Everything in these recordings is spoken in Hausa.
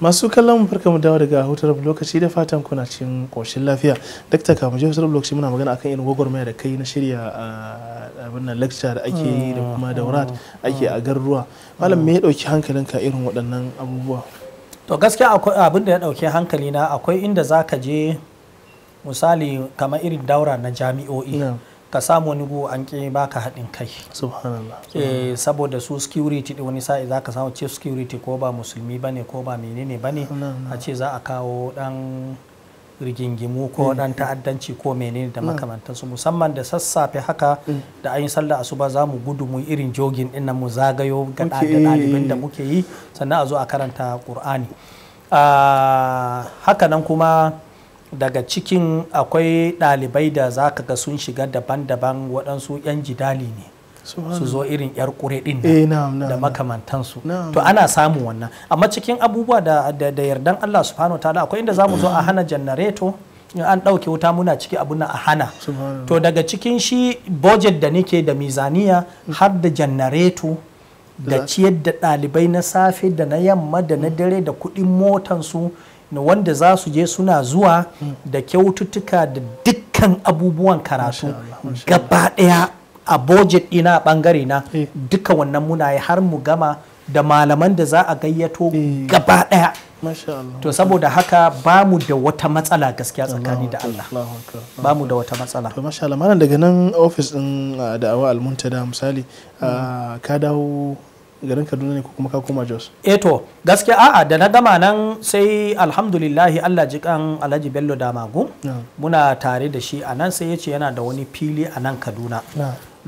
masu kallon farkon mu dawo daga hutar lokaci da fatan kuna cikin koshin lafiya dakta kamu je hutar lokaci muna magana akan irin gwagwarmaya da kai na shirya ah, abin nan lecture da ake yi da kuma daurat ake a garuruwa malam me ya dauki hankalinka irin waɗannan abubuwa to gaskiya akwai abin da ya hankali hankalina akwai inda zaka je misali kamar irin daura na jami'o'i ka samu wani go an ba baka haɗin kai subhanallah eh, saboda su security din wani sa'i zaka samu ce security ko ba musulmi bane ko ba menene bane a ce za a kawo ɗan rigingimu ko dan mm. ta'addanci ko menene da mm. makamantansu musamman da sassafe haka mm. da an yi sallah asuba za mu gudu mu irin jogin din mu zagayo ga ɗalibin da muke yi sannan a zo a karanta qur'ani ah, haka kuma daga cikin akwai ɗalibai da za ka ga sun shiga daban-daban waɗansu 'yan jidali ne su zo irin 'yar kure ɗin eh, da makamantansu to ana samun wannan amma cikin abubuwa da yardan Allah subhanahu ta'ala akwai inda za mu zo a hana janareto an ɗauke wuta muna ciki abu na a hana to daga cikin shi budget da nake da mizaniya har da janareto da ciyar da ɗalibai na safe da na yamma da na dare da kuɗin motansu na wanda za su je suna zuwa da kyaututtuka da dukkan abubuwan karatu gaba daya a budget ina a bangare na eh. duka wannan muna yi har mu gama da malaman da za a gayyato eh. gaba daya to saboda haka ba mu da wata matsala gaskiya tsakani da Allah ba mu da wata matsala to masha Allah daga nan office din ah, da'awa al-muntada misali mm. ah, ka dawo garin kaduna ne ko kuma ka koma jos eto eh gaske a'a da na gama nan sai alhamdulillahi allah kan alhaji bello damagu muna tare da shi a nan sai ya ce yana da wani fili a nan kaduna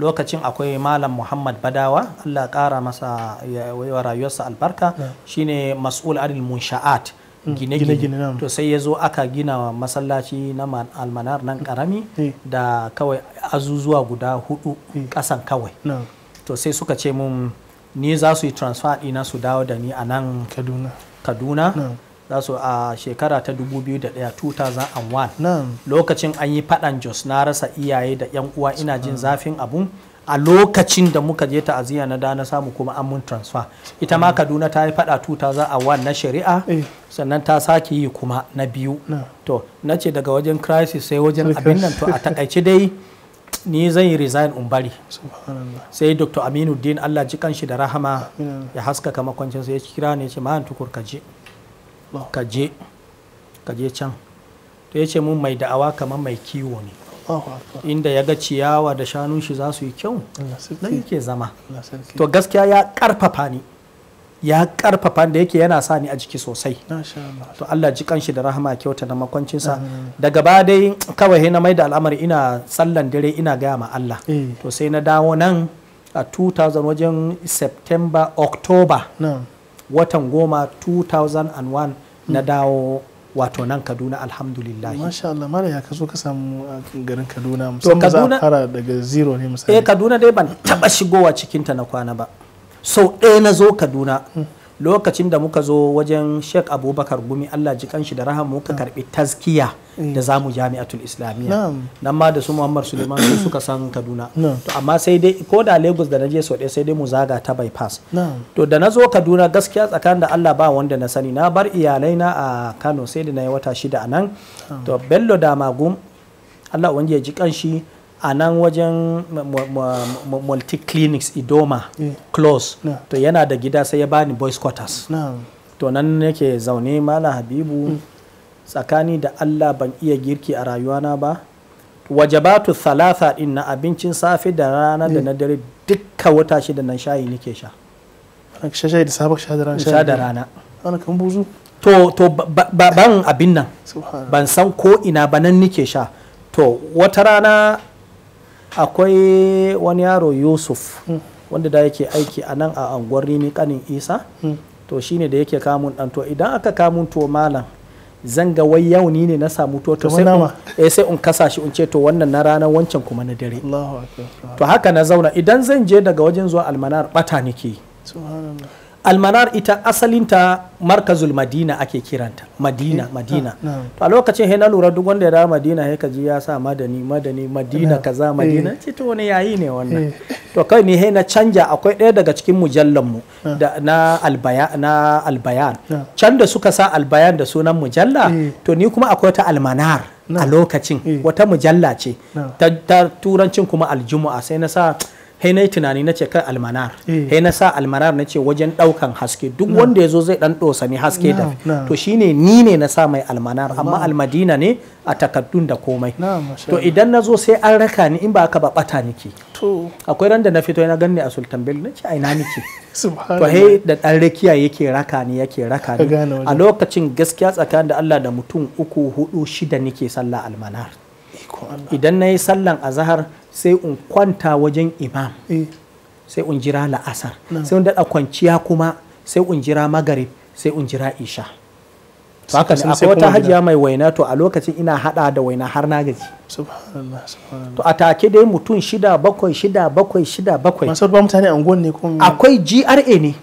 lokacin akwai malam muhammad badawa allah kara masa yawa rayuwarsa albarka shine mas'ul adil munsha'at hmm, gine-gine to sai ya zo aka gina wa masallaci na almanar nan karami hmm, eh. da kawai azuzuwa guda hudu kasan hmm. kawai to sai suka ce mun ni za su yi transfer ɗina su dawo da ni a nan kaduna kaduna za su a shekara ta 2001 lokacin an yi faɗan jos na rasa iyaye da yan uwa ina jin zafin abun a lokacin da muka je ta'aziyya na da na samu kuma an mun transfer ita ma kaduna ta yi faɗa tuta za a na shari'a eh. sannan ta sake yi kuma na biyu to na ce daga wajen crisis sai wajen abin nan to a takaice dai ni zan yi resign in bari sai dr Aminu din allah ji kanshi da rahama ya kama makwancin sai ya kira ne ce mahan tukur ka je ka je can to ya ce mun mai da'awa kamar mai kiwo ne inda ya ga ciyawa da shanun shi za su yi kyau nan yake zama to gaskiya ya karfafa ni ya karfafa da yake yana sa ni a jiki sosai to Allah ji kanshi da rahama kyauta na makwancinsa daga ba dai kawai na mai da al'amari ina tsallan dare ina gaya ma Allah eh. to sai na dawo nan a 2000 wajen September October watan goma 2001 na dawo wato nan kaduna alhamdulillah masha Allah mara ya kazo ka samu ah, garin kaduna musamman za a fara daga zero ne misali eh kaduna dai ban taba shigowa cikinta na kwana ba sau ɗaya na zo kaduna lokacin da muka zo wajen sheikh abubakar gumi allah ji kanshi da rahama muka karbi taskiya eh. da zamu jami'atul islamiyya nan ma da su muhammad suleiman su suka san kaduna to amma sai dai ko da lagos da na je soɗe sai dai mu zaga ta bypass to da na zo kaduna gaskiya tsakanin da allah ba wanda na sani na bar iyalai na a kano sai da na yi wata shida a nan to bello magum allah wanda ya ji kanshi a nan wajen multi clinics idoma eh. close to yana da gida sai ya bani boys quarters to nan yake zaune mala habibu hmm. tsakani da allah ban iya girki a rayuwana ba wajabatu thalatha din na abincin safe da rana da eh. na dare dukka wata shi da nan shayi nake sha shayi da sha da rana to to ban abin nan ban san ko ina ba nan nike sha to wata rana akwai wani yaro yusuf wanda da yake aiki a nan a anguwar rimi kanin isa to shine da yake kamun dan to idan aka kamun to malam zanga wai yau ni ne na samu to to eh, sai in kasa shi in ce to wannan na ranar wancan kuma na dare to haka na zauna idan zan je daga wajen zuwa almanar bata nake almanar ita asalinta markazul madina ake kiranta madina eh, madina to a lokacin he na lura duk wanda ya da madina he kaji ya sa madani madani madina kaza madina eh. ce to wani yayi ne wannan eh. to kai ni he na canja akwai ɗaya daga cikin mujallan mu da na albaya na albayan can da suka sa albayan da sunan mujalla to ni kuma akwai ta almanar a lokacin wata mujalla ce ta turancin kuma aljumu'a sai na sa Hai na yi tunani na ce kai almanar Hai eh. na sa almanar na ce wajen daukan haske duk wanda ya zo zai dan dosa ne haske da to shine ni ne na sa mai almanar amma almadina ne a takaddun da komai to idan na zo sai an raka ni in ba aka ba bata niki akwai ran da na fito na ganni a sultan bello na ce ai na niki to he da dan rakiya yake raka ni yake raka ni a lokacin gaskiya tsakanin da Allah da mutum uku hudu shida nike sallah almanar idan nayi sallan azahar sai in kwanta wajen imam eh. sai in jira la'asar sai in daɗa kwanciya kuma sai in jira magarib sai in jira isha akwai wata hajiya mai waina to a lokacin ina hada da waina har na gaji to a take dai mutum shida bakwai shida bakwai shida bakwai masu ba mutane angon ne kuma akwai GRA ne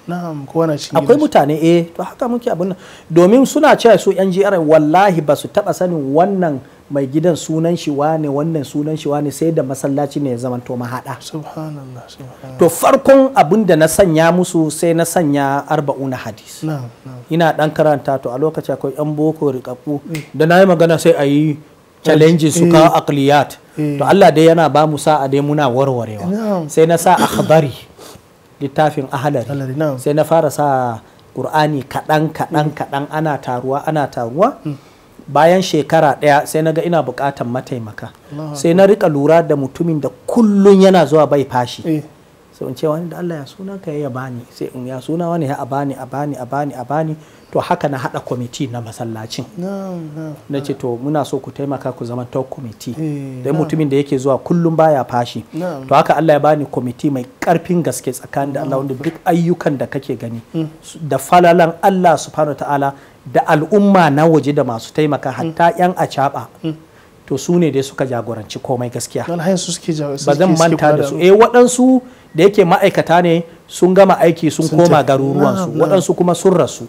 ko shi akwai mutane eh to haka muke abin domin suna cewa su yan GRA wallahi ba su taba sanin wannan mai gidan sunan shi wane wannan sunan shi wane sai da masallaci ne ya zama to mahaɗa to farkon abin da na sanya musu sai na sanya arba'una hadis ina dan karanta to a lokaci akwai yan boko rikaku eh. da na yi magana sai a yi challenge su ka eh. akliyat eh. to Allah dai yana ba mu sa'a dai muna warwarewa sai na sa akhbari littafin ahalari sai na fara sa qur'ani kaɗan kaɗan mm. kaɗan ana taruwa ana taruwa mm. bayan shekara ɗaya sai na ga ina buƙatan mataimaka sai na rika lura da mutumin da kullun yana zuwa bai fashi eh. sai in ce wani da Allah ya suna ka ya bani sai in ya suna wani ya bani a bani a to haka na haɗa kwamiti na masallacin na ce to muna so ku taimaka ku zama top kwamiti eh, da mutumin da yake zuwa kullun baya fashi to haka Allah ya bani kwamiti mai karfin gaske tsakanin da Allah wanda duk ayyukan da kake gani hmm. da falalan Allah subhanahu ta'ala da al'umma na waje da masu taimaka mm. hatta yan acaɓa mm. to su ne dai suka jagoranci komai gaskiya ba zan manta da su eh waɗansu da yake ma'aikata ne sun gama aiki sun koma garuruwansu waɗansu kuma sun rasu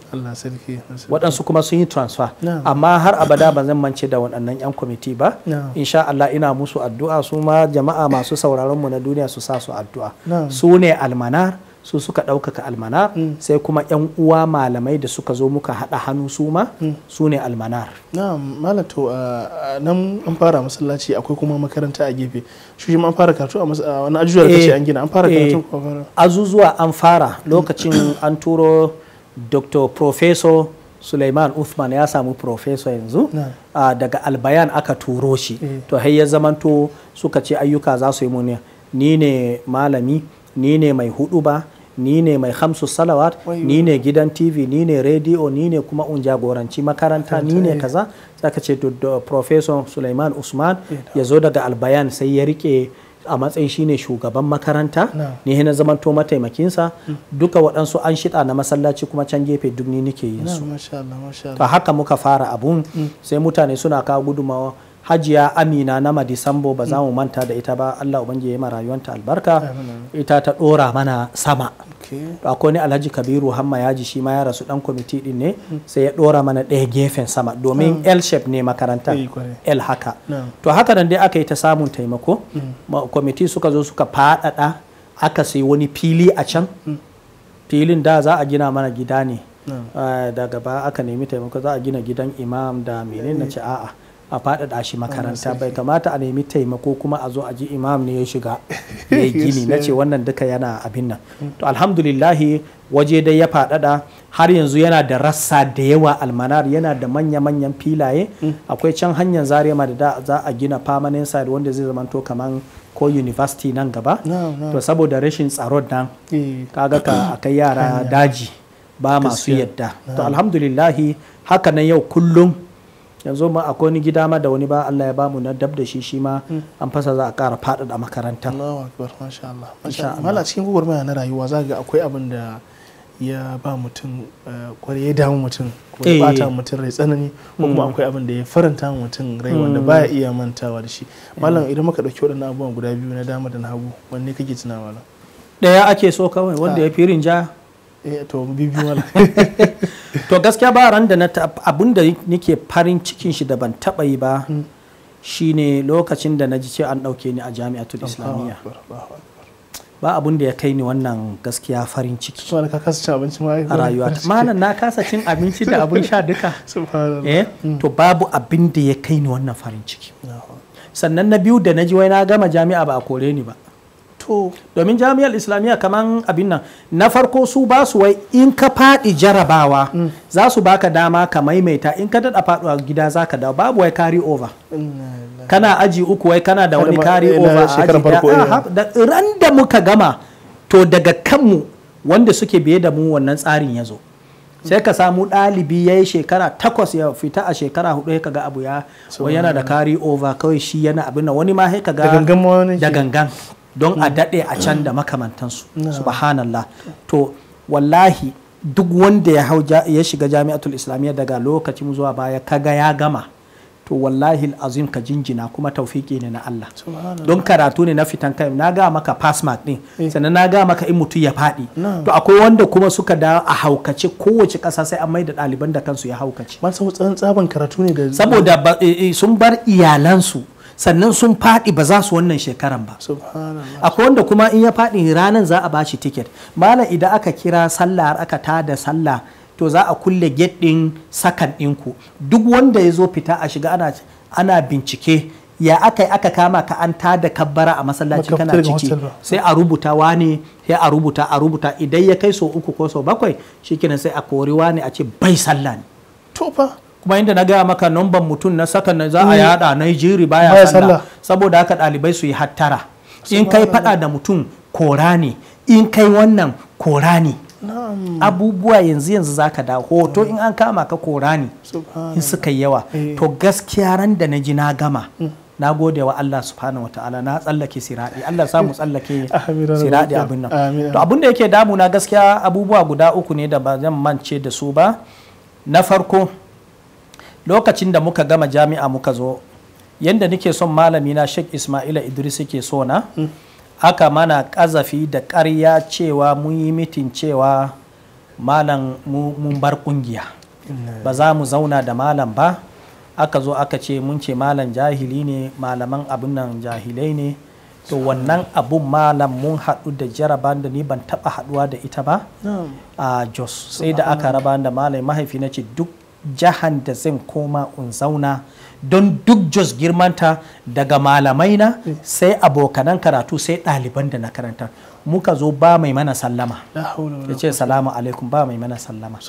waɗansu kuma sun yi transfer amma har abada ba zan mance da waɗannan 'yan kwamiti ba insha Allah ina musu addu'a su ma jama'a masu sauraron mu na duniya su sa su addu'a su ne almanar su suka ɗaukaka almanar mm. sai kuma yan uwa malamai da suka zo muka haɗa hannu su ma mm. su ne almanar na malato nan an fara masallaci akwai kuma makaranta a gefe shi an fara karatu a wani ajiyar da ce an gina an fara eh, karatu eh, azuzuwa an fara lokacin mm. an turo dr professor Suleiman Uthman ya samu professor yanzu uh, daga albayan aka turo shi mm. to har ya zamanto suka ce ayyuka za su yi muni ni ne malami ni ne mai hudu ba ni ne mai hamsu salawat ni ne gidan tv ni ne rediyo ni ne kuma un jagoranci makaranta ni ne kaza sai ka ce professor Suleiman Usman ya zo daga albayan sai ya rike a matsayin shine shugaban makaranta ni na zamanto mataimakinsa hmm. duka waɗansu an shida na masallaci kuma can gefe duk ni nike yin su ta haka muka fara abun hmm. sai mutane suna kawo gudumawa hajiya amina na madisambo ba za hmm. mu manta da ita ba allah ubangiji ya ma rayuwanta albarka ita ta ɗora mana sama To akwai ni alhaji kabiru hamma yaji shi ma ya rasu dan kwamiti din ne hmm. sai ya dora mana ɗaya gefen sama domin hmm. l shape ne makaranta eh, l haka hmm. to haka nan dai aka yi ta samun taimako kwamiti suka zo suka faɗaɗa aka sai wani fili a can filin da za a gina mana gida ne ah, daga ba aka nemi taimako za a gina gidan imam da menene eh. na ce a'a a faɗaɗa shi makaranta bai kamata a nemi taimako kuma a zo a ji imam ne ya shiga ya gini na eh. ce wannan duka yana abin nan mm. to alhamdulillahi waje dai ya faɗaɗa har yanzu yana da rassa da yawa almanar yana da manya-manyan filaye mm. akwai can hanyar zarema da za a gina permanent side wanda zai to kamar ko university nan gaba to saboda rashin tsaron nan kaga eh. ka akai yara daji ba masu yadda to alhamdulillahi haka nan yau kullum yanzu ma akwai wani gida ma da wani ba Allah ya ba mu na dab da shi shi ma hmm. an fasa za a ƙara da makaranta. Allahu akbar masha Allah masha Allah cikin gwagwarmaya na rayuwa za ga akwai abin da ya ba mutum eh, kwarai ya damu mutum ko ya bata eh. mutum rai tsanani ko kuma hmm. akwai abin da ya faranta mutum rai wanda baya hmm. iya mantawa da shi malam eh. idan muka dauki waɗannan abubuwan guda biyu na dama da na hagu wanne kake tunawa malam daya ake so kawai wanda ah. ya fi rinja eh to bibiyu malam to gaskiya ba ran da na abun da nake farin cikin shi da ban taba yi ba shine lokacin da na ji ce an dauke ni a jami'atul islamiyya ba abun da ya kai ni wannan gaskiya farin ciki ka kasa cin abinci ma a rayuwa malam na kasa cin abinci da abun sha duka eh mm. to babu abin da ya kai ni wannan farin ciki sannan na biyu da na ji wai na gama jami'a ba a kore ni ba domin jami'ar islamiyya kaman abin nan na farko su ba su wai in ka faɗi jarabawa zasu mm. za su baka dama ka maimaita in ka daɗa faɗuwa gida za ka dawo babu wai carry over kana aji uku wai kana da wani carry eh, over a aji eh. da ran da muka gama to daga kanmu wanda suke biye da mu wannan tsarin ya zo sai ka samu ɗalibi ya yi shekara takwas ya fita a shekara hudu ya kaga abu ya yana da carry over kawai shi yana abin wani ma ya kaga da gangan don a mm. daɗe a can da mm. makamantansu mm. subhanallah to wallahi duk wanda ya hau ya shiga jami'atul islamiyya daga lokacin zuwa baya kaga ya gama to wallahi azim ka jinjina kuma taufiki ne na Allah don karatu ne na fitan kai na ga maka pass mark din eh. sannan na ga maka in mutu ya faɗi to akwai wanda kuma suka da a haukace kowace ƙasa sai an maida ɗaliban da kansu ya haukace ba sau tsaban karatu ne da saboda eh, eh, sun bar iyalansu sannan sun faɗi ba za su wannan shekaran ba akwai wanda kuma in ya faɗi ranar za a bashi tiket malam idan aka kira sallah aka tada sallah to za a kulle gate ɗin sakan ɗinku duk wanda ya zo fita a shiga ana, bincike ya aka yi aka kama ka an tada kabbara a masallaci kana ciki sai a rubuta wani sai a rubuta a rubuta idan ya kai so uku ko so bakwai shikenan sai a kori wani a ce bai sallah ne kuma inda na gaya maka numban mutum na saka na za a mm. yada Nigeria baya sallah saboda haka dalibai su yi hattara in kai fada da mutum kora ne in kai wannan kora ne abubuwa yanzu yanzu zaka da hoto mm. in an kama ka kora ne in suka yi yawa eh. to gaskiya ran da na ji na gama mm. na gode wa Allah subhanahu wa ta'ala na tsallake siradi Allah samu tsallake siradi abin nan to abin da yake damu na gaskiya abubuwa guda uku ne da ba zan mance da su ba na farko lokacin da muka gama jami'a muka zo yadda nike son malami na sheikh ismaila idris ke so na hmm. aka mana kazafi da karya cewa mun yi mitin cewa malam mun bar kungiya ba za mu zauna da malam ba aka zo aka ce mun ce malam jahili ne malaman abin nan jahilai ne to wannan abun malam mun haɗu da jaraban da ni ban taɓa haɗuwa da ita ba a jos sai da aka raba da malam mahaifi na ce duk jahan da zan koma in zauna don duk jos girmanta daga malamai na sai abokanan karatu sai ɗaliban da na karanta muka zo ba mai mana sallama ya ce salamu alaikum ba mai mana sallama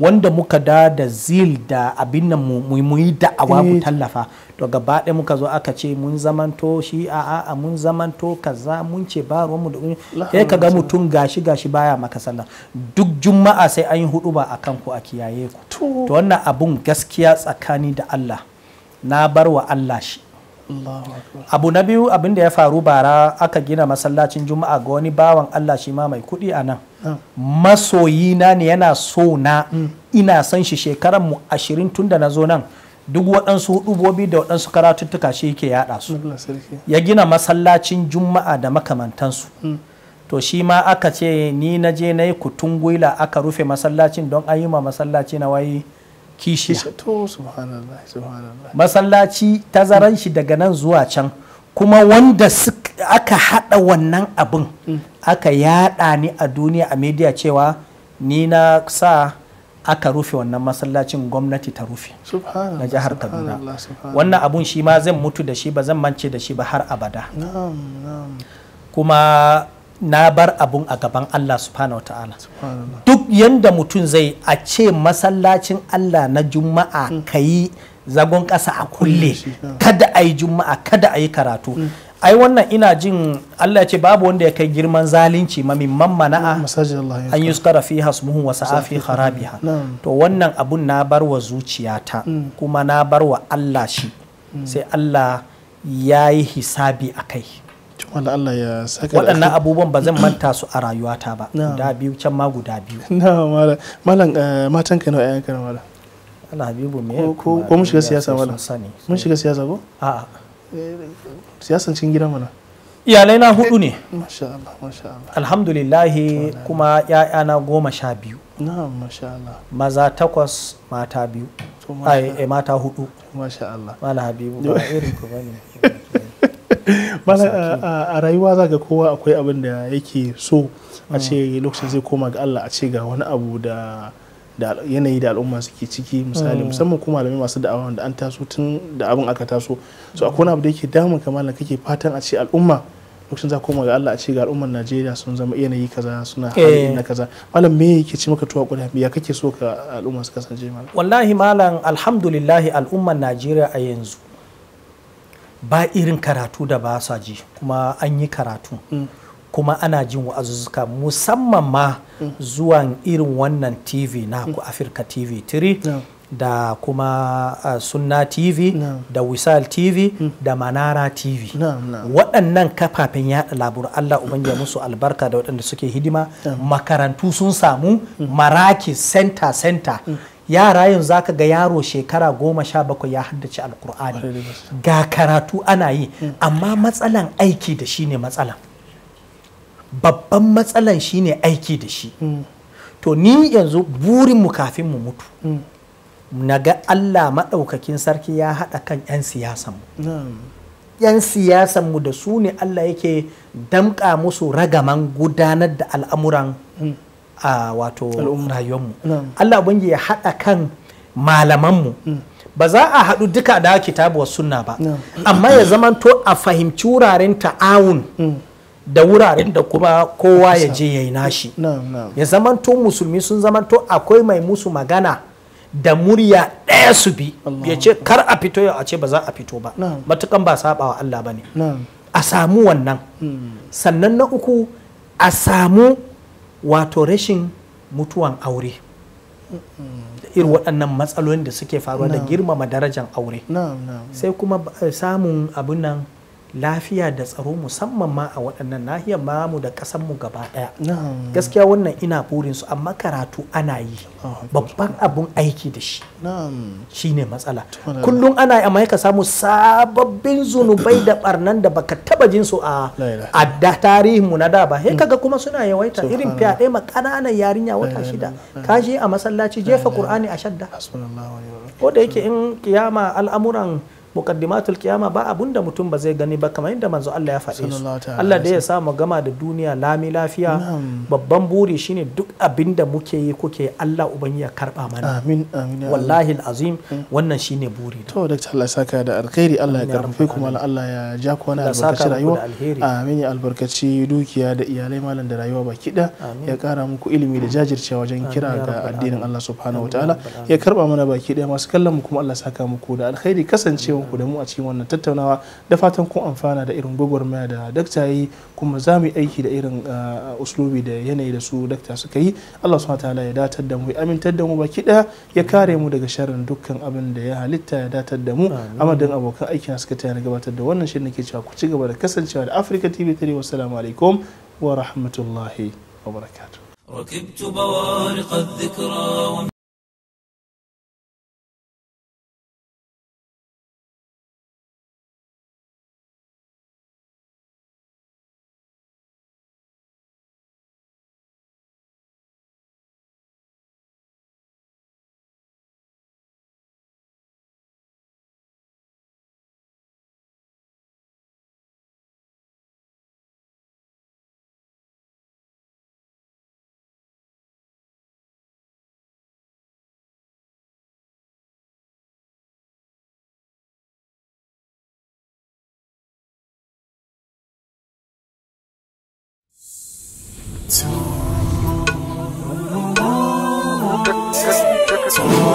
wanda muka da da zil da abin nan mu yi da'awa ku eh. tallafa to gaba ɗaya muka zo aka ce mun zamanto shi a a mun zamanto kaza mun ce ba ruwan mu da ya ka ga mutum gashi gashi baya maka sallah duk juma'a sai an yi hudu ba akan ku a kiyaye ku to wannan abun gaskiya tsakani da Allah na bar wa Allah shi abu na biyu abin da ya faru bara aka gina masallacin juma'a ga wani bawan allah shi ma mai kuɗi a nan hmm. masoyi na ne yana so na hmm. ina son shi shekaran mu ashirin tun da na zo nan duk waɗansu hudubobi da waɗansu karatuttuka shi ke yaɗa su ya gina masallacin juma'a da makamantansu hmm. to shi ma aka ce ni na je na yi kutun gwila aka rufe masallacin don an yi ma masallaci na wayi kishiya masallaci tazaran shi daga nan zuwa can kuma wanda aka haɗa wannan abin mm. aka yaɗa ni a duniya a media cewa ni na sa aka rufe wannan masallacin gwamnati ta rufe na jihar kaduna wannan abun shi ma zan mutu da shi ba zan mance da shi ba har abada kuma na bar abun a gaban Allah subhanahu ta'ala duk yanda mutum zai a ce masallacin Allah na juma'a mm. ka yi zagon ƙasa a kulle hmm, kada a yi juma'a kada a yi karatu mm. ai wannan ina jin Allah ya ce babu wanda ya kai girman zalunci mamin mammana'a hmm, an yi suka rafi hasmuhun wasu afi harabiha to wannan abun na bar wa zuciyata hmm. kuma na bar wa Allah shi sai Allah ya yi hisabi a kai wanda Allah ya saka waɗannan abubuwan ba zan manta su a rayuwata ba guda biyu can ma guda biyu na malam eh, matan ka nawa ƴaƴanka na malam Allah habibu me ko ko mun shiga siyasa malam mun shiga siyasa ko a a eh, siyasan cikin gidan mana iyalai na hudu ne masha Allah masha Allah alhamdulillah kuma ƴaƴana goma sha biyu na'am masha Allah maza takwas mata biyu ai eh, mata hudu masha Allah mala habibu ba irin ku bane a rayuwa za ga kowa akwai abin da yake so a ce mm. lokacin zai koma ga Allah a ce ga wani abu da da yanayi da al'umma suke ciki misali mm. musamman kuma malamai masu da'awa da an taso tun da abin aka taso so akwai wani abu da yake damun kamar kake fatan a ce al'umma lokacin za koma ga Allah a ce ga al'ummar Najeriya sun zama yanayi kaza suna eh. hali na kaza malam me yake ci maka tuwa kuda ya kake so ka al'umma su kasance malam wallahi malam alhamdulillah al'ummar Najeriya a yanzu ba irin karatu da ba sa ji kuma an yi karatu mm. kuma ana jin wa'azuzzuka musamman ma mm. zuwan irin wannan tv na ku mm. afirka tv 3 da kuma sunna tv da wisal tv da manara tv waɗannan kafafen yaɗa labaru allah ubangiya musu albarka da waɗanda suke hidima makarantu sun samu mm. maraki center center yara yanzu zaka ga yaro shekara goma sha bakwai ya haddace alkur'ani ga karatu ana yi amma matsalan aiki da shi ne matsalan babban matsalan shi ne aiki da shi hmm. to ni yanzu burin mu kafin mu mutu hmm. na ga allah maɗaukakin sarki ya haɗa kan 'yan siyasan mu 'yan siyasan mu da su ne allah yake damƙa musu ragaman gudanar da al'amuran hmm. a wato rayuwarmu Allah bangi ya haɗa kan malamanmu mm. ba za a haɗu duka da kitabu wa sunna ba amma ya zamanto a fahimci wuraren ta'awun mm. da wuraren da kuma kowa ya je ya yi nashi ya zamanto musulmi sun zamanto akwai mai musu magana da murya ɗaya su bi ya ce kar a fito yau a ce ba za a fito ba matukan ba saba wa Allah ba ne a samu wannan mm. sannan na uku a samu wato rashin mutuwan aure irin waɗannan matsalolin da suke faruwa da girmama darajar aure sai kuma eh, samun abin nan lafiya da tsaro musamman ma a waɗannan nahiyar mu da mu gaba ɗaya gaskiya wannan ina burin su amma karatu ana yi babban abun aiki da shi Shi ne matsala kullum ana amma ka samu sababbin zunubai da barnan da baka taba jin su a adda tarihin mu na da ba sai mm. kaga kuma suna yawaita irin fyaɗe ma ƙananan yarinya wata shida ka je a masallaci jefa qur'ani a shadda ko da yake in kiyama al'amuran mukaddimatul kiyama ba abun da mutum ba zai gani ba kamar yadda manzo Allah ya faɗe su Allah da ya sa mu gama da duniya lami lafiya babban buri shine duk abin da muke yi kuke Allah uban ya karba mana amin amin wallahi azim mm. wannan shine buri to dakta Allah saka da alkhairi Allah ya karfafe kuma Allah ya ja ku wani albarkaci rayuwa amin ya albarkaci dukiya da iyalai malam da rayuwa baki da ya kara muku ilimi da jajircewa wajen kira ga addinin Allah subhanahu wataala ya karba mana baki da masu kallon mu kuma Allah saka muku da alkhairi kasancewa ku da mu a cikin wannan tattaunawa da fatan kun amfana da irin gwagwarmaya da dakta yi kuma za mu yi aiki da irin ah, uslubi da yanayi da su dakta suka yi Allah subhanahu ta'ala ya datar da mu ya amintar da mu baki daya ya kare mu daga sharrin dukkan abin da ya halitta ya datar da mu amadin abokan aiki na suka tayar gabatar da wannan shirin ke cewa ku ci gaba da kasancewa da Africa TV 3 wassalamu alaikum wa rahmatullahi wa barakatuh ركبت بوارق الذكرى So